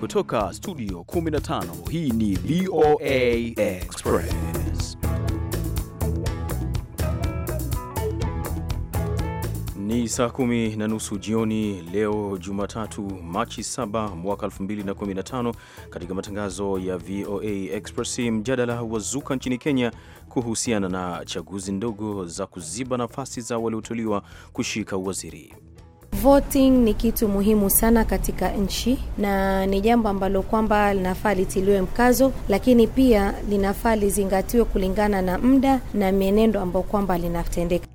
Kutoka studio 15 hii ni VOA Express. Ni saa kumi na nusu jioni leo Jumatatu, Machi 7 mwaka 2015. Katika matangazo ya VOA Express, mjadala wazuka nchini Kenya kuhusiana na chaguzi ndogo za kuziba nafasi za walioteuliwa kushika uwaziri. Voting ni kitu muhimu sana katika nchi na ni jambo ambalo kwamba linafaa litiliwe mkazo, lakini pia linafaa lizingatiwe kulingana na muda na mienendo ambayo kwamba linatendeka.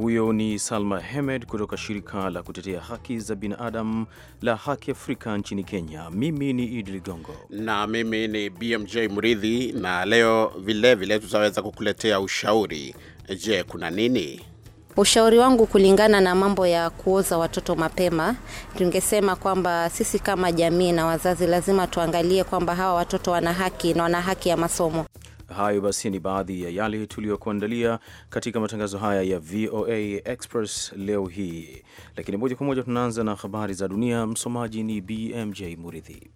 Huyo ni Salma Hemed kutoka shirika la kutetea haki za binadamu la Haki Afrika nchini Kenya. Mimi ni Idi Ligongo na mimi ni BMJ Mridhi, na leo vilevile tutaweza kukuletea ushauri. Je, kuna nini? Ushauri wangu kulingana na mambo ya kuoza watoto mapema, tungesema kwamba sisi kama jamii na wazazi lazima tuangalie kwamba hawa watoto wana haki na wana haki ya masomo. Hayo basi ni baadhi ya yale tuliyokuandalia katika matangazo haya ya VOA Express leo hii, lakini moja kwa moja tunaanza na habari za dunia. Msomaji ni BMJ Muridhi.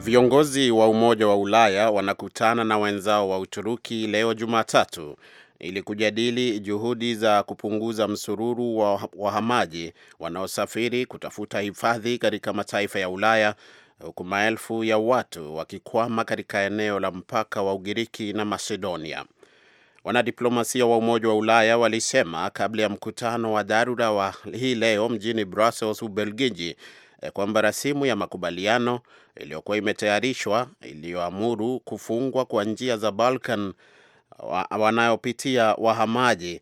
Viongozi wa Umoja wa Ulaya wanakutana na wenzao wa Uturuki leo Jumatatu ili kujadili juhudi za kupunguza msururu wa wahamaji wanaosafiri kutafuta hifadhi katika mataifa ya Ulaya huku maelfu ya watu wakikwama katika eneo la mpaka wa Ugiriki na Macedonia. Wanadiplomasia wa Umoja wa Ulaya walisema kabla ya mkutano wa dharura wa hii leo mjini Brussels, Ubelgiji, Eh, kwamba rasimu ya makubaliano iliyokuwa imetayarishwa iliyoamuru kufungwa kwa njia za Balkan wanayopitia wahamaji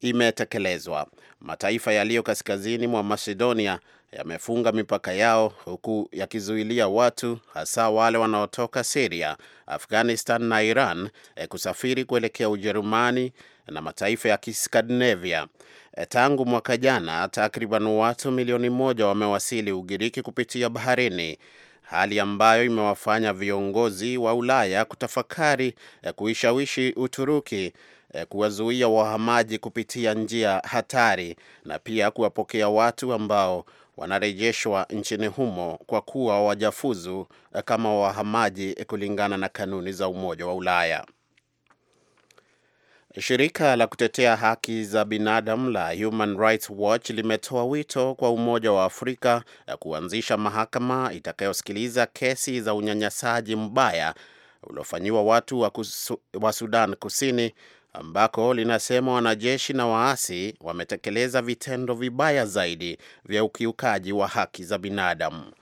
imetekelezwa. Mataifa yaliyo kaskazini mwa Macedonia yamefunga mipaka yao huku yakizuilia watu hasa wale wanaotoka Siria, Afghanistan na Iran eh, kusafiri kuelekea Ujerumani, na mataifa ya Kiskandinavia. Eh, tangu mwaka jana, takriban watu milioni moja wamewasili Ugiriki kupitia baharini, hali ambayo imewafanya viongozi wa Ulaya kutafakari eh, kuishawishi Uturuki eh, kuwazuia wahamaji kupitia njia hatari na pia kuwapokea watu ambao wanarejeshwa nchini humo kwa kuwa wajafuzu kama wahamaji kulingana na kanuni za Umoja wa Ulaya. Shirika la kutetea haki za binadamu la Human Rights Watch limetoa wito kwa Umoja wa Afrika ya kuanzisha mahakama itakayosikiliza kesi za unyanyasaji mbaya uliofanyiwa watu wa, kusu, wa Sudan Kusini ambako linasema wanajeshi na waasi wametekeleza vitendo vibaya zaidi vya ukiukaji wa haki za binadamu.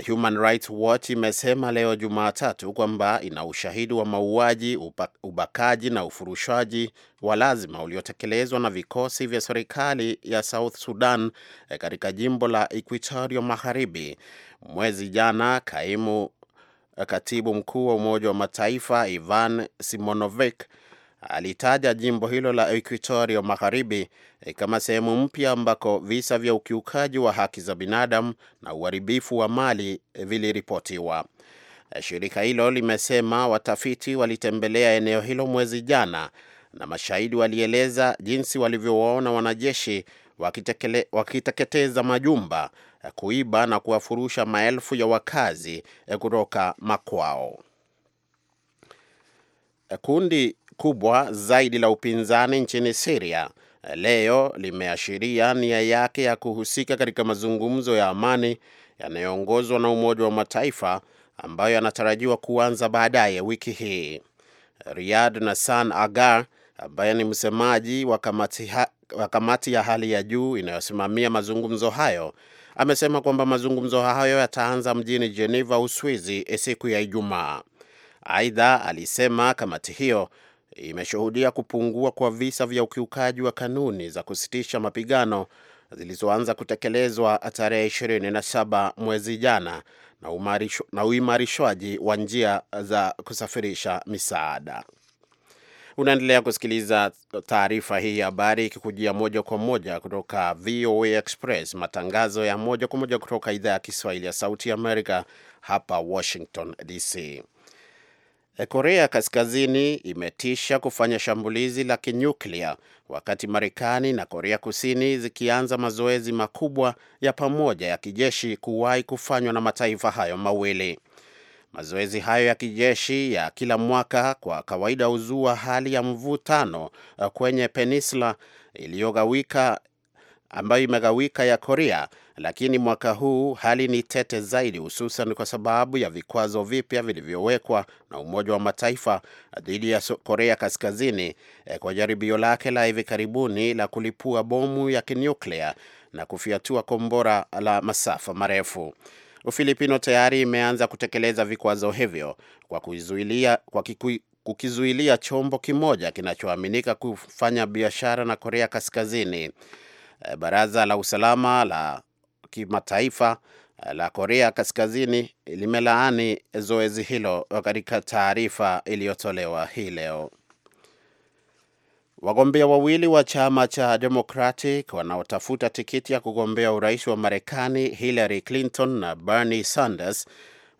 Uh, Human Rights Watch imesema leo Jumatatu kwamba ina ushahidi wa mauaji, ubakaji na ufurushwaji wa lazima uliotekelezwa na vikosi vya serikali ya South Sudan eh, katika jimbo la equitorio Magharibi. Mwezi jana, kaimu eh, katibu mkuu wa Umoja wa Mataifa Ivan Simonovic alitaja jimbo hilo la Equatorio Magharibi eh, kama sehemu mpya ambako visa vya ukiukaji wa haki za binadamu na uharibifu wa mali eh, viliripotiwa. Eh, shirika hilo limesema watafiti walitembelea eneo hilo mwezi jana na mashahidi walieleza jinsi walivyowaona wanajeshi wakiteketeza majumba, kuiba na kuwafurusha maelfu ya wakazi kutoka makwao. Kundi kubwa zaidi la upinzani nchini siria leo limeashiria nia yake ya kuhusika katika mazungumzo ya amani yanayoongozwa na Umoja wa Mataifa ambayo yanatarajiwa kuanza baadaye wiki hii. Riyad Nassan Agar ambaye ni msemaji wa kamati, ha, wa kamati ya hali ya juu inayosimamia mazungumzo hayo amesema kwamba mazungumzo hayo yataanza mjini Geneva, Uswizi siku ya Ijumaa. Aidha alisema kamati hiyo imeshuhudia kupungua kwa visa vya ukiukaji wa kanuni za kusitisha mapigano zilizoanza kutekelezwa tarehe 27 mwezi jana na uimarishwaji wa njia za kusafirisha misaada. Unaendelea kusikiliza taarifa hii ya habari ikikujia moja kwa moja kutoka VOA Express, matangazo ya moja kwa moja kutoka idhaa ya Kiswahili ya Sauti ya Amerika hapa Washington DC. Eh, Korea Kaskazini imetisha kufanya shambulizi la kinyuklia wakati Marekani na Korea Kusini zikianza mazoezi makubwa ya pamoja ya kijeshi kuwahi kufanywa na mataifa hayo mawili. Mazoezi hayo ya kijeshi ya kila mwaka kwa kawaida huzua hali ya mvutano eh, kwenye peninsula iliyogawika ambayo imegawika ya Korea, lakini mwaka huu hali ni tete zaidi, hususan kwa sababu ya vikwazo vipya vilivyowekwa na Umoja wa Mataifa dhidi ya Korea Kaskazini eh, kwa jaribio lake la hivi karibuni la kulipua bomu ya kinyuklia na kufiatua kombora la masafa marefu. Ufilipino tayari imeanza kutekeleza vikwazo hivyo kwa kuizuilia kwa kikui kukizuilia chombo kimoja kinachoaminika kufanya biashara na Korea Kaskazini. Eh, Baraza la usalama la kimataifa eh, la Korea Kaskazini limelaani zoezi hilo katika taarifa iliyotolewa hii leo. Wagombea wawili wa chama cha Democratic wanaotafuta tikiti ya kugombea urais wa Marekani, Hillary Clinton na Bernie Sanders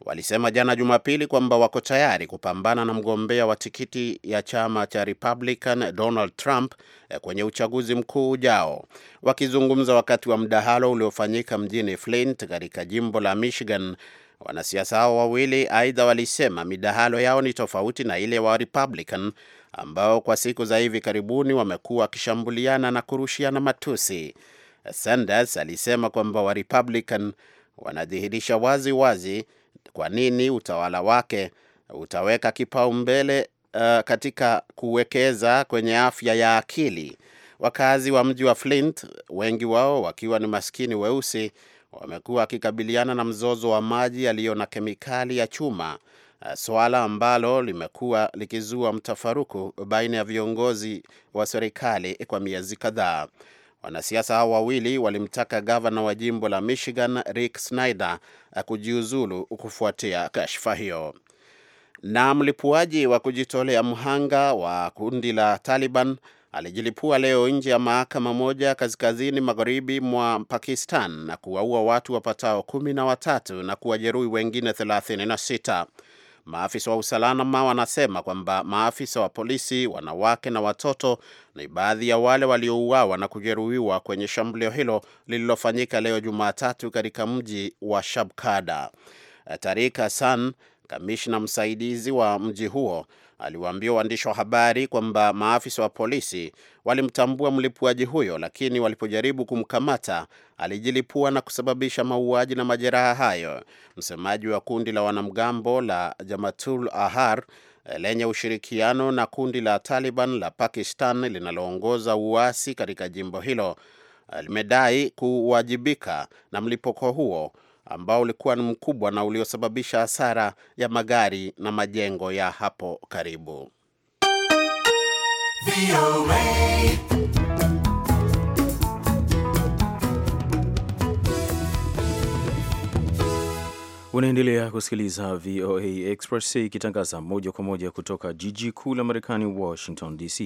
walisema jana Jumapili kwamba wako tayari kupambana na mgombea wa tikiti ya chama cha Republican Donald Trump eh, kwenye uchaguzi mkuu ujao. Wakizungumza wakati wa mdahalo uliofanyika mjini Flint katika jimbo la Michigan, wanasiasa hao wawili aidha walisema midahalo yao ni tofauti na ile wa Republican ambao kwa siku za hivi karibuni wamekuwa wakishambuliana na kurushiana matusi. Sanders alisema kwamba wa Republican wanadhihirisha wazi wazi kwa nini utawala wake utaweka kipaumbele uh, katika kuwekeza kwenye afya ya akili. Wakazi wa mji wa Flint, wengi wao wakiwa ni maskini weusi, wamekuwa wakikabiliana na mzozo wa maji yaliyo na kemikali ya chuma, uh, swala ambalo limekuwa likizua mtafaruku baina ya viongozi wa serikali kwa miezi kadhaa. Wanasiasa hao wawili walimtaka gavana wa jimbo la Michigan Rick Snyder kujiuzulu kufuatia kashfa hiyo. Na mlipuaji wa kujitolea mhanga wa kundi la Taliban alijilipua leo nje ya mahakama moja kaskazini magharibi mwa Pakistan na kuwaua watu wapatao kumi na watatu na kuwajeruhi wengine 36. Maafisa wa usalama wanasema kwamba maafisa wa polisi, wanawake na watoto ni baadhi ya wale waliouawa na kujeruhiwa kwenye shambulio hilo lililofanyika leo Jumatatu katika mji wa Shabkada. Eh, tarik San, kamishna msaidizi wa mji huo, aliwaambia waandishi wa habari kwamba maafisa wa polisi walimtambua mlipuaji huyo, lakini walipojaribu kumkamata alijilipua na kusababisha mauaji na majeraha hayo. Msemaji wa kundi la wanamgambo la Jamatul Ahar eh, lenye ushirikiano na kundi la Taliban la Pakistan linaloongoza uasi katika jimbo hilo eh, limedai kuwajibika na mlipuko huo ambao ulikuwa ni mkubwa na uliosababisha hasara ya magari na majengo ya hapo karibu. Unaendelea kusikiliza VOA Express ikitangaza moja kwa moja kutoka jiji kuu la Marekani, Washington DC.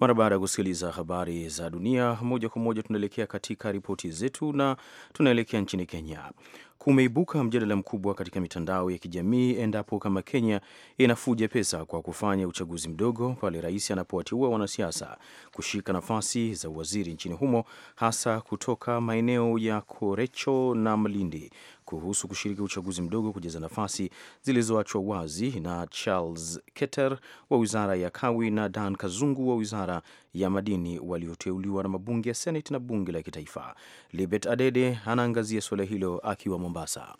Mara baada ya kusikiliza habari za dunia moja kwa moja, tunaelekea katika ripoti zetu na tunaelekea nchini Kenya. Kumeibuka mjadala mkubwa katika mitandao ya kijamii endapo kama Kenya inafuja pesa kwa kufanya uchaguzi mdogo pale rais anapowateua wanasiasa kushika nafasi za uwaziri nchini humo, hasa kutoka maeneo ya Korecho na Malindi kuhusu kushiriki uchaguzi mdogo kujaza nafasi zilizoachwa wazi na Charles Keter wa wizara ya kawi na Dan Kazungu wa wizara ya madini walioteuliwa na mabunge ya Seneti na bunge la kitaifa. Libet Adede anaangazia suala hilo akiwa Mombasa.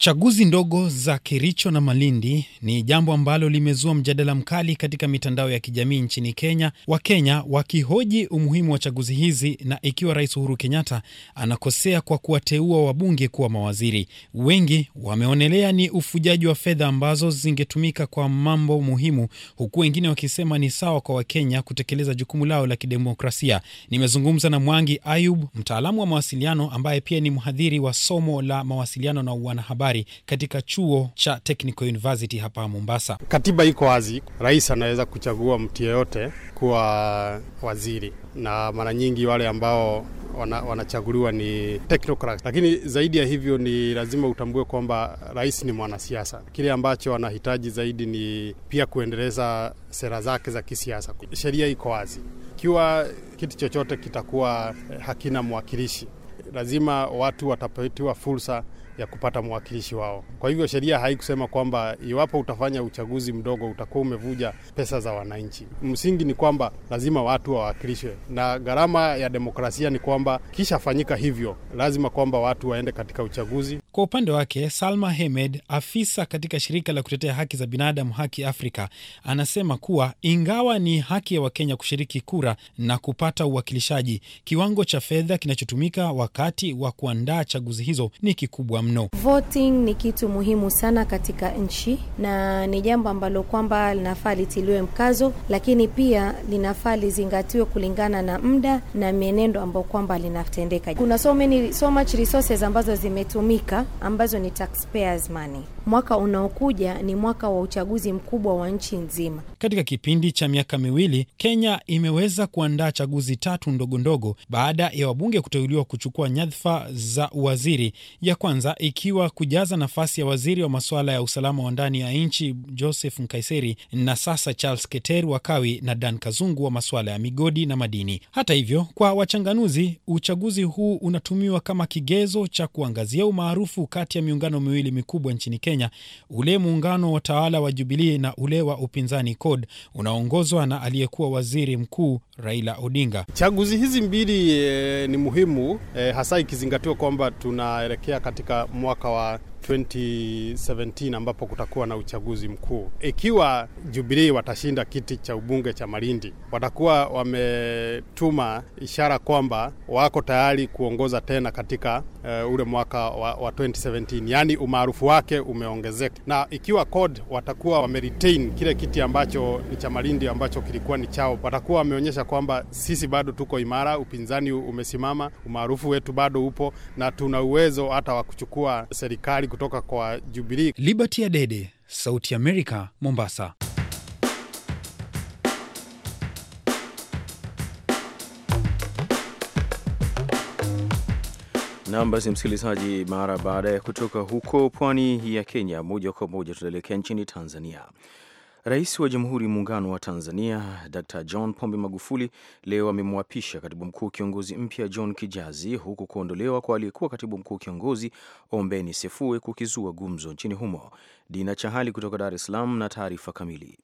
Chaguzi ndogo za Kericho na Malindi ni jambo ambalo limezua mjadala mkali katika mitandao ya kijamii nchini Kenya, Wakenya wakihoji umuhimu wa chaguzi hizi na ikiwa Rais Uhuru Kenyatta anakosea kwa kuwateua wabunge kuwa mawaziri. Wengi wameonelea ni ufujaji wa fedha ambazo zingetumika kwa mambo muhimu, huku wengine wakisema ni sawa kwa Wakenya kutekeleza jukumu lao la kidemokrasia. Nimezungumza na Mwangi Ayub, mtaalamu wa mawasiliano ambaye pia ni mhadhiri wa somo la mawasiliano na wanahabari habari katika chuo cha Technical University hapa Mombasa. Katiba iko wazi, rais anaweza kuchagua mtu yeyote kuwa waziri, na mara nyingi wale ambao wana, wanachaguliwa ni technocrats. Lakini zaidi ya hivyo ni lazima utambue kwamba rais ni mwanasiasa. Kile ambacho anahitaji zaidi ni pia kuendeleza sera zake za kisiasa. Sheria iko wazi, ikiwa kitu chochote kitakuwa eh, hakina mwakilishi, lazima watu watapatiwa fursa ya kupata mwakilishi wao. Kwa hivyo sheria haikusema kwamba iwapo utafanya uchaguzi mdogo utakuwa umevuja pesa za wananchi. Msingi ni kwamba lazima watu wawakilishwe, na gharama ya demokrasia ni kwamba kisha fanyika hivyo, lazima kwamba watu waende katika uchaguzi. Kwa upande wake, Salma Hemed, afisa katika shirika la kutetea haki za binadamu Haki Afrika, anasema kuwa ingawa ni haki ya Wakenya kushiriki kura na kupata uwakilishaji, kiwango cha fedha kinachotumika wakati wa kuandaa chaguzi hizo ni kikubwa mno. Voting ni kitu muhimu sana katika nchi na ni jambo ambalo kwamba linafaa litiliwe mkazo, lakini pia linafaa lizingatiwe kulingana na muda na mienendo ambao kwamba linatendeka. Kuna so many so much resources ambazo zimetumika ambazo ni taxpayers money mwaka unaokuja ni mwaka wa uchaguzi mkubwa wa nchi nzima. Katika kipindi cha miaka miwili, Kenya imeweza kuandaa chaguzi tatu ndogondogo baada ya wabunge kuteuliwa kuchukua nyadhifa za uwaziri, ya kwanza ikiwa kujaza nafasi ya waziri wa masuala ya usalama wa ndani ya nchi Joseph Nkaiseri, na sasa Charles Keter wa Kawi na Dan Kazungu wa masuala ya migodi na madini. Hata hivyo, kwa wachanganuzi, uchaguzi huu unatumiwa kama kigezo cha kuangazia umaarufu kati ya miungano miwili mikubwa nchini Kenya Kenya, ule muungano wa tawala wa Jubilee na ule wa upinzani CORD unaongozwa na aliyekuwa waziri mkuu Raila Odinga. Chaguzi hizi mbili e, ni muhimu e, hasa ikizingatiwa kwamba tunaelekea katika mwaka wa 2017 ambapo kutakuwa na uchaguzi mkuu. Ikiwa Jubilee watashinda kiti cha ubunge cha Malindi, watakuwa wametuma ishara kwamba wako tayari kuongoza tena katika uh, ule mwaka wa, wa 2017, yaani umaarufu wake umeongezeka. Na ikiwa CORD watakuwa wameretain kile kiti ambacho ni cha Malindi ambacho kilikuwa ni chao, watakuwa wameonyesha kwamba sisi bado tuko imara, upinzani umesimama, umaarufu wetu bado upo na tuna uwezo hata wa kuchukua serikali kutoka kwa Jubilee. Liberty Adede, Sauti america Mombasa. Nam, basi msikilizaji, mara baada ya kutoka huko pwani ya Kenya, moja kwa moja tunaelekea nchini Tanzania. Rais wa Jamhuri ya Muungano wa Tanzania Dr John Pombe Magufuli leo amemwapisha katibu mkuu kiongozi mpya John Kijazi, huku kuondolewa kwa aliyekuwa katibu mkuu kiongozi Ombeni Sefue kukizua gumzo nchini humo. Dina Chahali kutoka Dar es Salaam na taarifa kamili.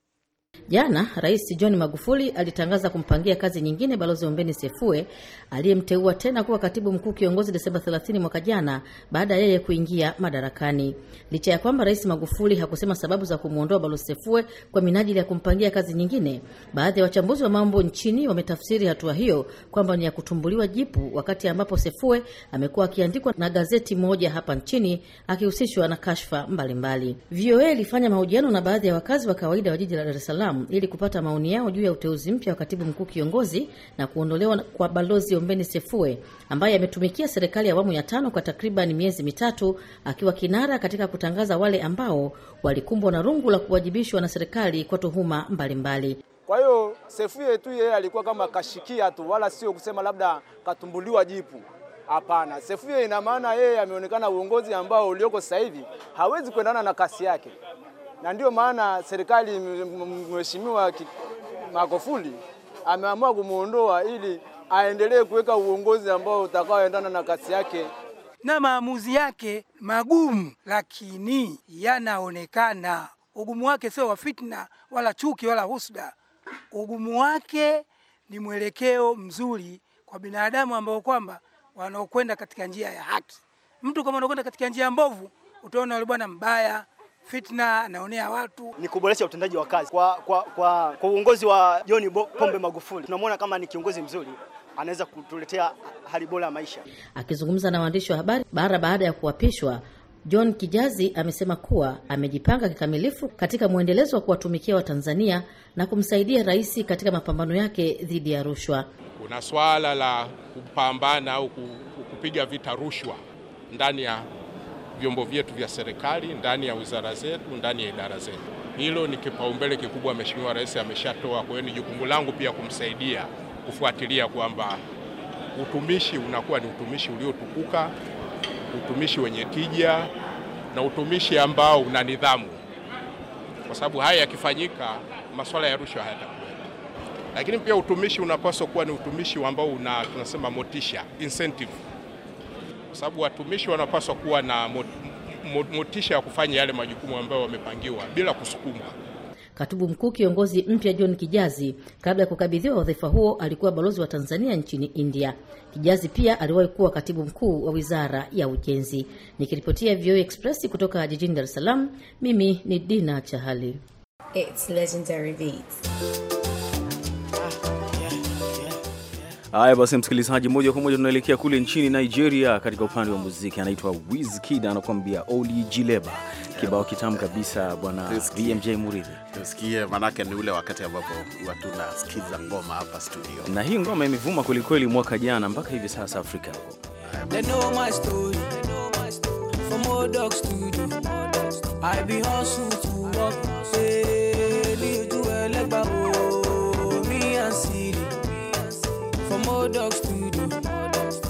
Jana Rais John Magufuli alitangaza kumpangia kazi nyingine Balozi Ombeni Sefue aliyemteua tena kuwa katibu mkuu kiongozi Desemba 30 mwaka jana baada ya yeye kuingia madarakani. Licha ya kwamba Rais Magufuli hakusema sababu za kumwondoa Balozi Sefue kwa minajili ya kumpangia kazi nyingine, baadhi ya wachambuzi wa mambo nchini wametafsiri hatua hiyo kwamba ni ya kutumbuliwa jipu, wakati ambapo Sefue amekuwa akiandikwa na gazeti moja hapa nchini akihusishwa na kashfa mbalimbali. VOA ilifanya mahojiano na baadhi ya wakazi wa kawaida wa jiji la Dar es Salaam Salaam ili kupata maoni yao juu ya uteuzi mpya wa katibu mkuu kiongozi na kuondolewa kwa Balozi Ombeni Sefue ambaye ametumikia serikali ya awamu ya tano kwa takriban miezi mitatu akiwa kinara katika kutangaza wale ambao walikumbwa na rungu la kuwajibishwa na serikali kwa tuhuma mbalimbali. Kwa hiyo Sefue tu yeye alikuwa kama kashikia tu, wala sio kusema labda katumbuliwa jipu. Hapana, Sefue ina maana yeye ameonekana uongozi ambao ulioko sasa hivi hawezi kuendana na kasi yake na ndio maana serikali Mheshimiwa Magufuli ameamua kumuondoa ili aendelee kuweka uongozi ambao utakaoendana na kasi yake na maamuzi yake magumu, lakini yanaonekana. Ugumu wake sio wa fitna wala chuki wala husda. Ugumu wake ni mwelekeo mzuri kwa binadamu ambao kwamba wanaokwenda katika njia ya haki. Mtu kama unakwenda katika njia mbovu, utaona yule bwana mbaya, fitna, anaonea watu. Ni kuboresha utendaji wa kazi kwa, kwa, kwa, kwa uongozi wa John Pombe Magufuli. Tunamwona kama ni kiongozi mzuri anaweza kutuletea hali bora ya maisha. Akizungumza na waandishi wa habari mara baada ya kuapishwa, John Kijazi amesema kuwa amejipanga kikamilifu katika mwendelezo wa kuwatumikia Watanzania na kumsaidia rais katika mapambano yake dhidi ya rushwa. Kuna swala la kupambana au kupiga vita rushwa ndani ya vyombo vyetu vya serikali ndani ya wizara zetu, ndani ya idara zetu. Hilo ni kipaumbele kikubwa Mheshimiwa Rais ameshatoa. Kwa hiyo ni jukumu langu pia kumsaidia kufuatilia kwamba utumishi unakuwa ni utumishi uliotukuka, utumishi wenye tija na utumishi ambao una nidhamu, kwa sababu haya yakifanyika masuala ya rushwa hayatakuwa. Lakini pia utumishi unapaswa kuwa ni utumishi ambao una tunasema motisha, incentive kwa sababu watumishi wanapaswa kuwa na motisha ya kufanya yale majukumu ambayo wamepangiwa bila kusukumwa. Katibu mkuu kiongozi mpya John Kijazi, kabla ya kukabidhiwa wadhifa huo, alikuwa balozi wa Tanzania nchini India. Kijazi pia aliwahi kuwa katibu mkuu wa wizara ya ujenzi. Nikiripotia VOA Express kutoka jijini Dar es Salaam, mimi ni Dina Chahali. It's legendary beats. Haya basi, msikilizaji, moja kwa moja tunaelekea kule nchini Nigeria katika upande wa muziki. Anaitwa Wizkid anakuambia Oli Jileba, kibao kitamu kabisa bwana BMJ Muridhi. Tusikie, manake ni ule wakati ambapo watu nasikiza ngoma hapa studio, na hii ngoma imevuma kwelikweli mwaka jana mpaka hivi sasa Afrika I products to do.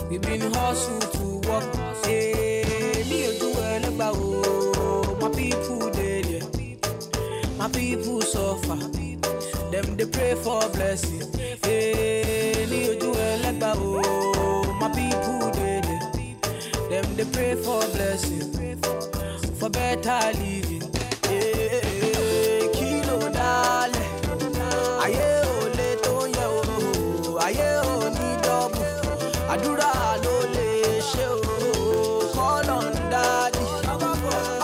We been hustle to work. Hey, eh, me a do well about oh. my people daily. My people suffer. Them they pray for blessing. Hey, eh, me a do well about oh. my people daily. Them they pray for blessing, for better living. Eh, kilo dale, aye ole to ye oh, aye àdúrà ló lè ṣe o kọ́lọ̀ ń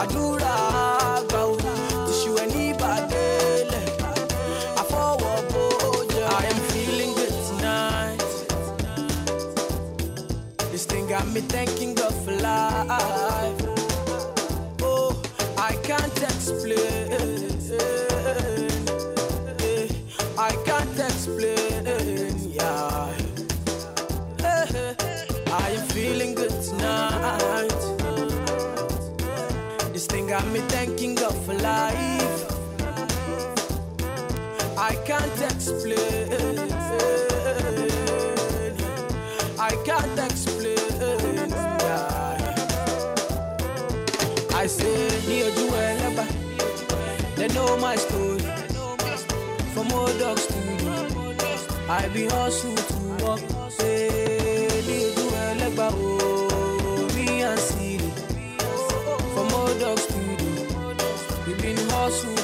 àdúrà o tìṣù ẹ̀ ní ìbàdélẹ̀ àfọwọ́ bó jẹ́. I am feeling good tonight. This thing got me thinking of life. Oh, I can't explain. And me thanking God for life. I can't explain. I can't explain. I say, near the well, they know my story. For more dogs to do, I be hustled to walk. Say, near the well, house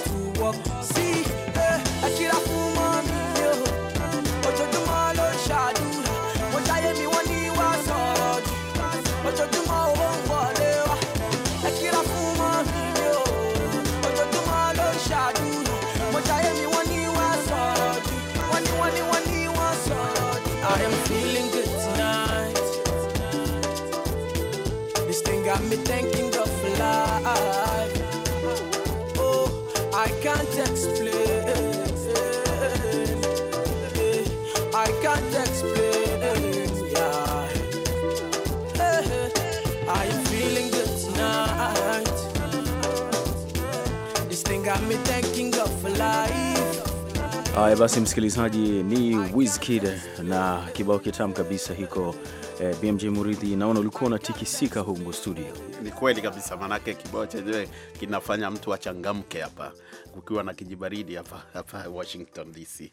Haya basi, msikilizaji, ni Wizkid na kibao kitamu kabisa hiko. Eh, BMJ Muridhi, naona ulikuwa unatikisika humu studio. Ni kweli kabisa, maanake kibao chenyewe kinafanya mtu achangamke hapa kukiwa na kijibaridi hapa hapa Washington DC.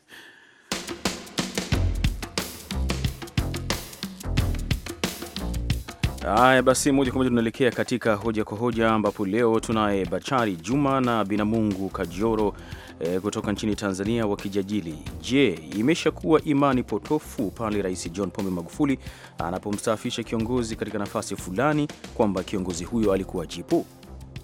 Haya basi, moja kwa moja tunaelekea katika hoja kwa hoja, ambapo leo tunaye Bachari Juma na Binamungu Kajoro e, kutoka nchini Tanzania wakijajili je, imeshakuwa imani potofu pale Rais John Pombe Magufuli anapomstaafisha kiongozi katika nafasi fulani kwamba kiongozi huyo alikuwa jipu?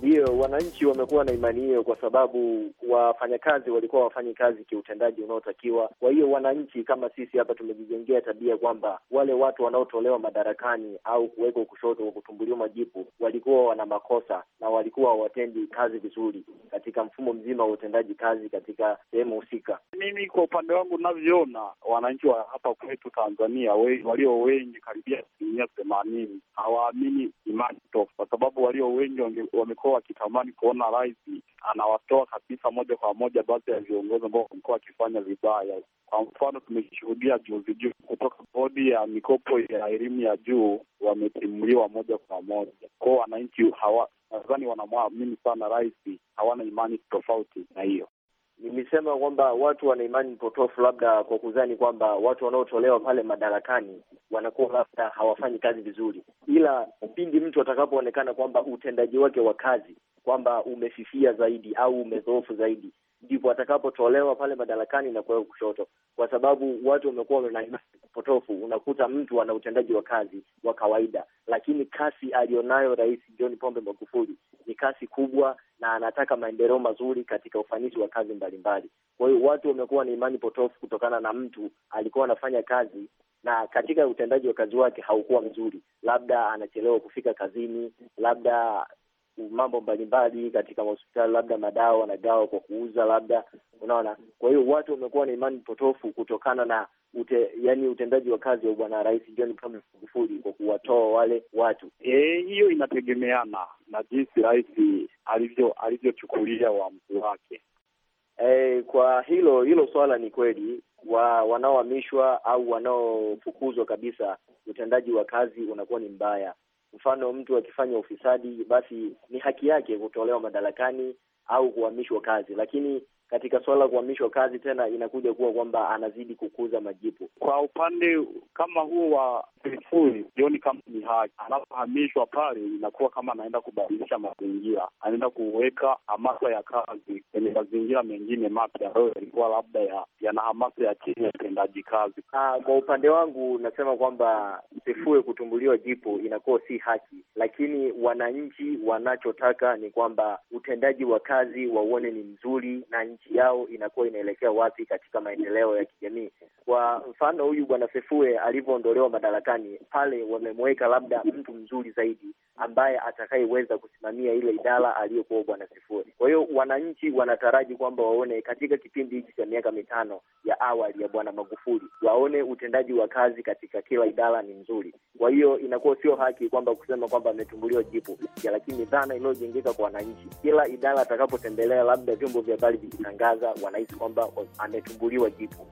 Ndiyo, wananchi wamekuwa na imani hiyo, kwa sababu wafanyakazi walikuwa wafanyi kazi kiutendaji unaotakiwa. Kwa hiyo wananchi kama sisi hapa tumejijengea tabia kwamba wale watu wanaotolewa madarakani au kuwekwa kushoto kwa kutumbuliwa majipu walikuwa wana makosa na walikuwa hawatendi kazi vizuri katika mfumo mzima wa utendaji kazi katika sehemu husika. Mimi kwa upande wangu navyoona, wananchi wa hapa kwetu Tanzania we, walio wengi karibia asilimia themanini hawaamini imani kwa sababu walio wengi wamekuwa mkoa akitamani kuona rais anawatoa kabisa moja kwa moja baadhi ya viongozi ambao wamekuwa wakifanya vibaya. Kwa mfano, tumeshuhudia juzi juu kutoka bodi ya mikopo ya elimu ya juu wametimuliwa moja kwa moja kwao. Wananchi hawa nadhani wanamwamini sana rais, hawana imani tofauti na hiyo nilisema kwamba watu wana imani potofu, labda kwa kudhani kwamba watu wanaotolewa pale madarakani wanakuwa labda hawafanyi kazi vizuri, ila pindi mtu atakapoonekana kwamba utendaji wake wa kazi kwamba umefifia zaidi au umedhoofu zaidi, ndipo atakapotolewa pale madarakani na kuwekwa kushoto, kwa sababu watu wamekuwa wana imani potofu. Unakuta mtu ana utendaji wa kazi wa kawaida, lakini kasi aliyonayo Rais John Pombe Magufuli ni kasi kubwa, na anataka maendeleo mazuri katika ufanisi wa kazi mbalimbali. Kwa hiyo watu wamekuwa na imani potofu kutokana na mtu alikuwa anafanya kazi na katika utendaji wa kazi wake haukuwa mzuri, labda anachelewa kufika kazini, labda mambo mbalimbali katika mahospitali, labda madawa wanagawa kwa kuuza, labda unaona. Kwa hiyo watu wamekuwa na imani potofu kutokana na ute, yani utendaji wa kazi wa bwana Rais John Pombe Magufuli kwa kuwatoa wale watu e, hiyo inategemeana na jinsi rais alivyo alivyochukulia uamuzi wake. E, kwa hilo hilo swala ni kweli wa wanaohamishwa au wanaofukuzwa kabisa, utendaji wa kazi unakuwa ni mbaya Mfano, mtu akifanya ufisadi, basi ni haki yake kutolewa madarakani au kuhamishwa kazi, lakini katika suala la kuhamishwa kazi, tena inakuja kuwa kwamba anazidi kukuza majipu kwa upande kama huo wa Magufuli. jioni kama ni haja anapohamishwa pale, inakuwa kama anaenda kubadilisha mazingira, anaenda kuweka hamasa ya kazi kwenye mazingira mengine mapya ambayo yalikuwa labda yana hamasa ya chini ya utendaji kazi. Ah, kwa upande wangu nasema kwamba Magufuli kutumbuliwa jipu inakuwa si haki, lakini wananchi wanachotaka ni kwamba utendaji wa kazi wauone ni mzuri na nchi yao inakuwa inaelekea wapi katika maendeleo ya kijamii. Kwa mfano, huyu bwana Sefue alivyoondolewa madarakani pale, wamemweka labda mtu mzuri zaidi ambaye atakayeweza kusimamia ile idara aliyokuwa bwana Sefue. Kwa hiyo wananchi wanataraji kwamba waone katika kipindi hiki cha miaka mitano ya awali ya bwana Magufuli, waone utendaji wa kazi katika kila idara ni nzuri. Kwa hiyo inakuwa sio haki kwamba kusema kwamba ametumbuliwa jipu, lakini dhana inayojengeka kwa wananchi, kila idara atakapotembelea labda vyombo vya habari kutangaza wanahisi kwamba ametumbuliwa jipu.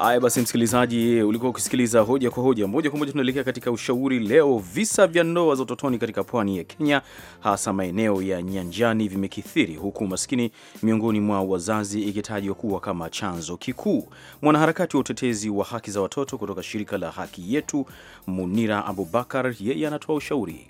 Haya basi, msikilizaji, ulikuwa ukisikiliza hoja kwa hoja. Moja kwa moja tunaelekea katika ushauri leo. Visa vya ndoa za utotoni katika pwani ya Kenya, hasa maeneo ya nyanjani, vimekithiri huku maskini miongoni mwa wazazi ikitajwa kuwa kama chanzo kikuu. Mwanaharakati wa utetezi wa haki za watoto kutoka shirika la Haki Yetu, Munira Abubakar, yeye anatoa ushauri.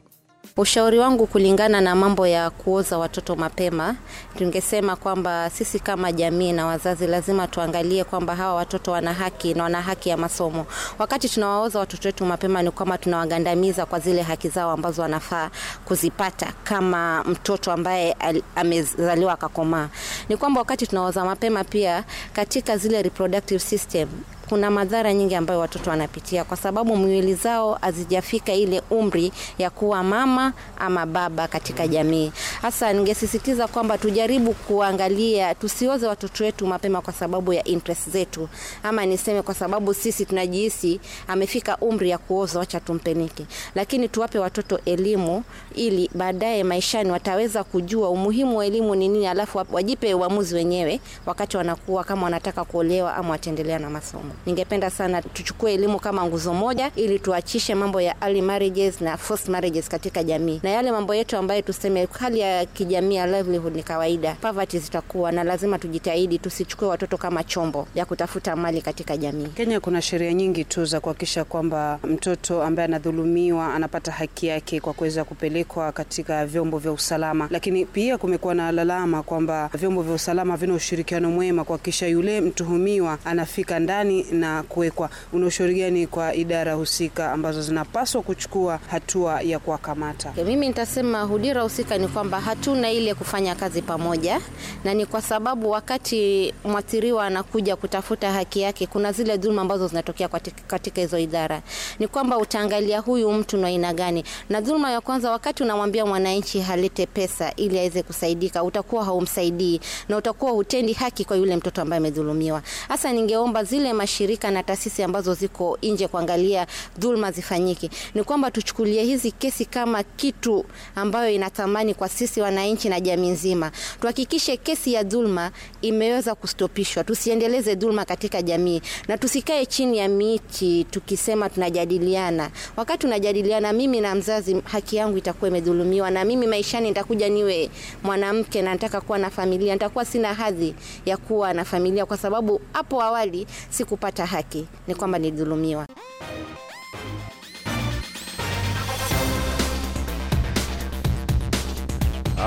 Ushauri wangu kulingana na mambo ya kuoza watoto mapema, tungesema kwamba sisi kama jamii na wazazi lazima tuangalie kwamba hawa watoto wana haki na wana haki ya masomo. Wakati tunawaoza watoto wetu mapema, ni kwamba tunawagandamiza kwa zile haki zao ambazo wanafaa kuzipata kama mtoto ambaye amezaliwa akakomaa. Ni kwamba wakati tunawaoza mapema, pia katika zile reproductive system kuna madhara nyingi ambayo watoto wanapitia kwa sababu mwili zao hazijafika ile umri ya kuwa mama ama baba katika jamii. Hasa ningesisitiza kwamba tujaribu kuangalia, tusioze watoto wetu mapema kwa sababu ya interest zetu, ama niseme kwa sababu sisi tunajihisi amefika umri ya kuoza, wacha tumpenike. Lakini tuwape watoto elimu ili baadaye maishani wataweza kujua umuhimu wa elimu ni nini, alafu wajipe uamuzi wenyewe wakati wanakuwa, kama wanataka kuolewa ama watendelea na masomo. Ningependa sana tuchukue elimu kama nguzo moja, ili tuachishe mambo ya early marriages na forced marriages katika jamii, na yale mambo yetu ambayo tuseme hali ya kijamii ya livelihood ni kawaida, poverty zitakuwa na lazima tujitahidi, tusichukue watoto kama chombo ya kutafuta mali katika jamii. Kenya kuna sheria nyingi tu za kuhakikisha kwamba mtoto ambaye anadhulumiwa anapata haki yake kwa kuweza kupelekwa katika vyombo vya usalama, lakini pia kumekuwa na lalama kwamba vyombo vya usalama vina ushirikiano mwema kuhakikisha yule mtuhumiwa anafika ndani na kuwekwa. Una ushauri gani kwa idara husika ambazo zinapaswa kuchukua hatua ya kuwakamata? Mimi nitasema hudira husika ni kwamba hatuna ile kufanya kazi pamoja, na ni kwa sababu wakati mwathiriwa anakuja kutafuta haki yake, kuna zile dhuluma ambazo zinatokea katika hizo idara. Ni kwamba utaangalia huyu mtu na aina gani, na dhuluma ya kwanza, wakati unamwambia mwananchi halete pesa ili aweze kusaidika, utakuwa haumsaidii na utakuwa hutendi haki kwa yule mtoto ambaye amedhulumiwa. Hasa ningeomba zile mashi mashirika na taasisi ambazo ziko nje kuangalia dhulma zifanyike. Ni kwamba tuchukulie hizi kesi kama kitu ambayo inatamani kwa sisi wananchi na jamii nzima. Tuhakikishe kesi ya dhulma imeweza kustopishwa, tusiendeleze dhulma katika jamii na tusikae chini ya miti tukisema tunajadiliana. Wakati tunajadiliana, mimi na mzazi, haki yangu itakuwa imedhulumiwa, na mimi maishani nitakuja niwe mwanamke na nataka kuwa na familia, nitakuwa sina hadhi ya kuwa na familia kwa sababu hapo awali sikupata kupata haki ni kwamba nidhulumiwa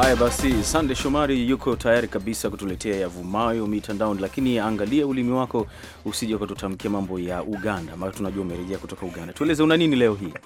Haya basi, Sande Shomari yuko tayari kabisa kutuletea yavumayo mitandaoni, lakini angalia ulimi wako usija ukatutamkia mambo ya Uganda, ambayo tunajua umerejea kutoka Uganda. Tueleze una nini leo hii?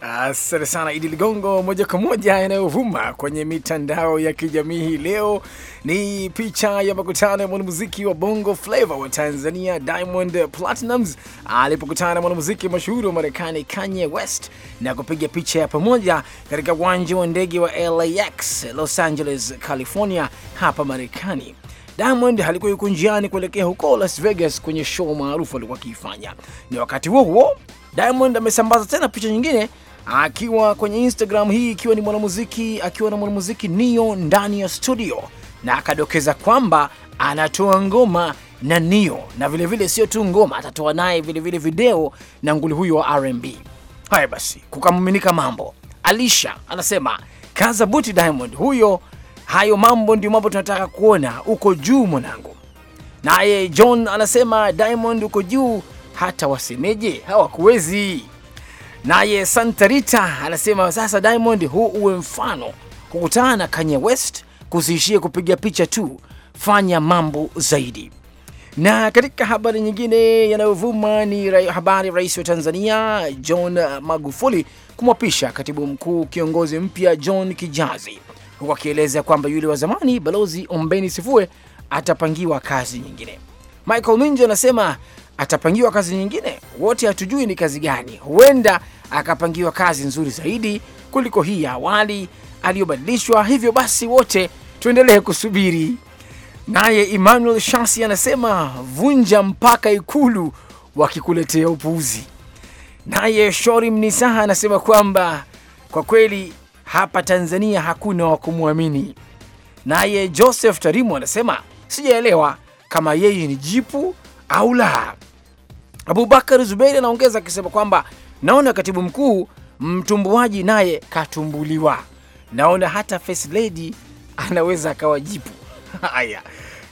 Asante sana Idi Ligongo. Moja kwa moja yanayovuma kwenye mitandao ya kijamii hii leo ni picha ya makutano ya mwanamuziki wa bongo flava wa Tanzania Diamond Platnumz alipokutana na mwanamuziki mashuhuri wa Marekani Kanye West na kupiga picha ya pamoja katika uwanja wa ndege wa LAX Los Angeles, California hapa Marekani. Diamond alikuwa yuko njiani kuelekea huko Las Vegas kwenye show maarufu alikuwa akiifanya, ni wakati huo huo Diamond amesambaza tena picha nyingine akiwa kwenye Instagram hii, ikiwa ni mwanamuziki akiwa na mwanamuziki Nio ndani ya studio, na akadokeza kwamba anatoa ngoma na Nio na vilevile, sio tu ngoma, atatoa naye vilevile video na nguli huyo wa RnB. Haya basi, kukamuminika mambo. Alisha anasema kaza buti Diamond huyo, hayo mambo ndio mambo tunataka kuona, uko juu mwanangu. Naye John anasema Diamond uko juu, hata wasemeje hawakuwezi Naye Santa Rita anasema sasa Diamond, huu uwe mfano, kukutana na Kanye West kusiishie kupiga picha tu, fanya mambo zaidi. Na katika habari nyingine yanayovuma ni habari rais wa Tanzania John Magufuli kumwapisha katibu mkuu kiongozi mpya John Kijazi, huku akieleza kwamba yule wa zamani Balozi Ombeni Sifue atapangiwa kazi nyingine. Michael Minji anasema atapangiwa kazi nyingine. Wote hatujui ni kazi gani, huenda akapangiwa kazi nzuri zaidi kuliko hii ya awali aliyobadilishwa. Hivyo basi wote tuendelee kusubiri. Naye Emmanuel Shansi anasema vunja mpaka Ikulu wakikuletea upuuzi. Naye Shori Mnisaha anasema kwamba kwa kweli hapa Tanzania hakuna wa kumwamini. Naye Joseph tarimu anasema sijaelewa kama yeye ni jipu au la. Abubakar Zubeiri anaongeza akisema kwamba naona katibu mkuu mtumbuaji naye katumbuliwa, naona hata first lady anaweza akawa jipu. Haya,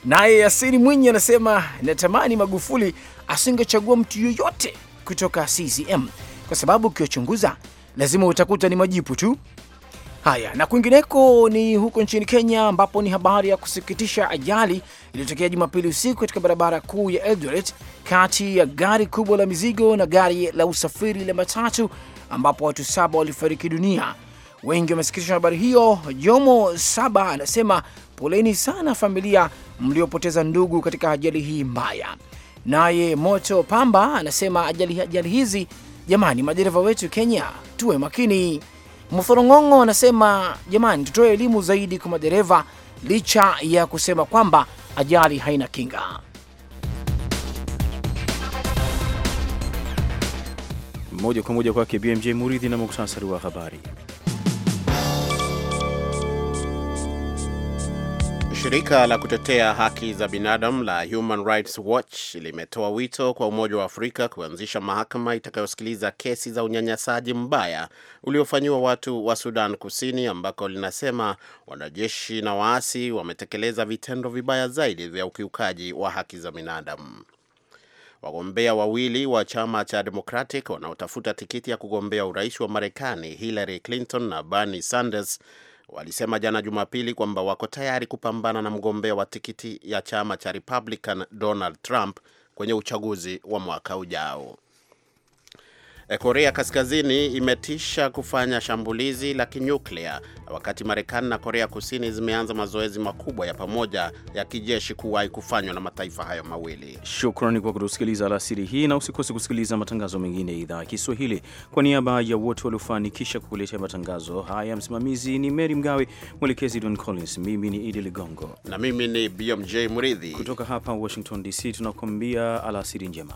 naye yasini Mwinyi anasema natamani Magufuli asingechagua mtu yoyote kutoka CCM kwa sababu ukiwachunguza lazima utakuta ni majipu tu. Haya, na kwingineko ni huko nchini Kenya ambapo ni habari ya kusikitisha ajali iliyotokea Jumapili usiku katika barabara kuu ya Eldoret kati ya gari kubwa la mizigo na gari la usafiri la matatu ambapo watu saba walifariki dunia. Wengi wamesikitishwa na habari hiyo. Jomo Saba anasema poleni sana familia mliopoteza ndugu katika ajali hii mbaya. Naye Moto Pamba anasema ajali, ajali hizi jamani, madereva wetu Kenya tuwe makini. Mthorong'ongo anasema jamani, tutoe elimu zaidi kwa madereva licha ya kusema kwamba ajali haina kinga. Moja kwa moja kwake BMJ Muridhi na muktasari wa habari. Shirika la kutetea haki za binadamu la Human Rights Watch limetoa wito kwa Umoja wa Afrika kuanzisha mahakama itakayosikiliza kesi za unyanyasaji mbaya uliofanyiwa watu wa Sudan Kusini, ambako linasema wanajeshi na waasi wametekeleza vitendo vibaya zaidi vya ukiukaji wa haki za binadamu. Wagombea wawili wa chama cha Democratic wanaotafuta tikiti ya kugombea urais wa Marekani, Hillary Clinton na Bernie Sanders walisema jana Jumapili kwamba wako tayari kupambana na mgombea wa tikiti ya chama cha Republican Donald Trump kwenye uchaguzi wa mwaka ujao. Eh, Korea Kaskazini imetisha kufanya shambulizi la kinyuklia wakati Marekani na Korea Kusini zimeanza mazoezi makubwa ya pamoja ya kijeshi kuwahi kufanywa na mataifa hayo mawili. Shukrani kwa kutusikiliza alasiri hii, na usikose kusikiliza matangazo mengine ya idhaa ya Kiswahili. Kwa niaba ya wote waliofanikisha kukuletea matangazo haya, msimamizi ni Mary Mgawe, mwelekezi Don Collins, mimi ni Idi Ligongo na mimi ni BMJ Mridhi kutoka hapa Washington DC, tunakuambia alasiri njema.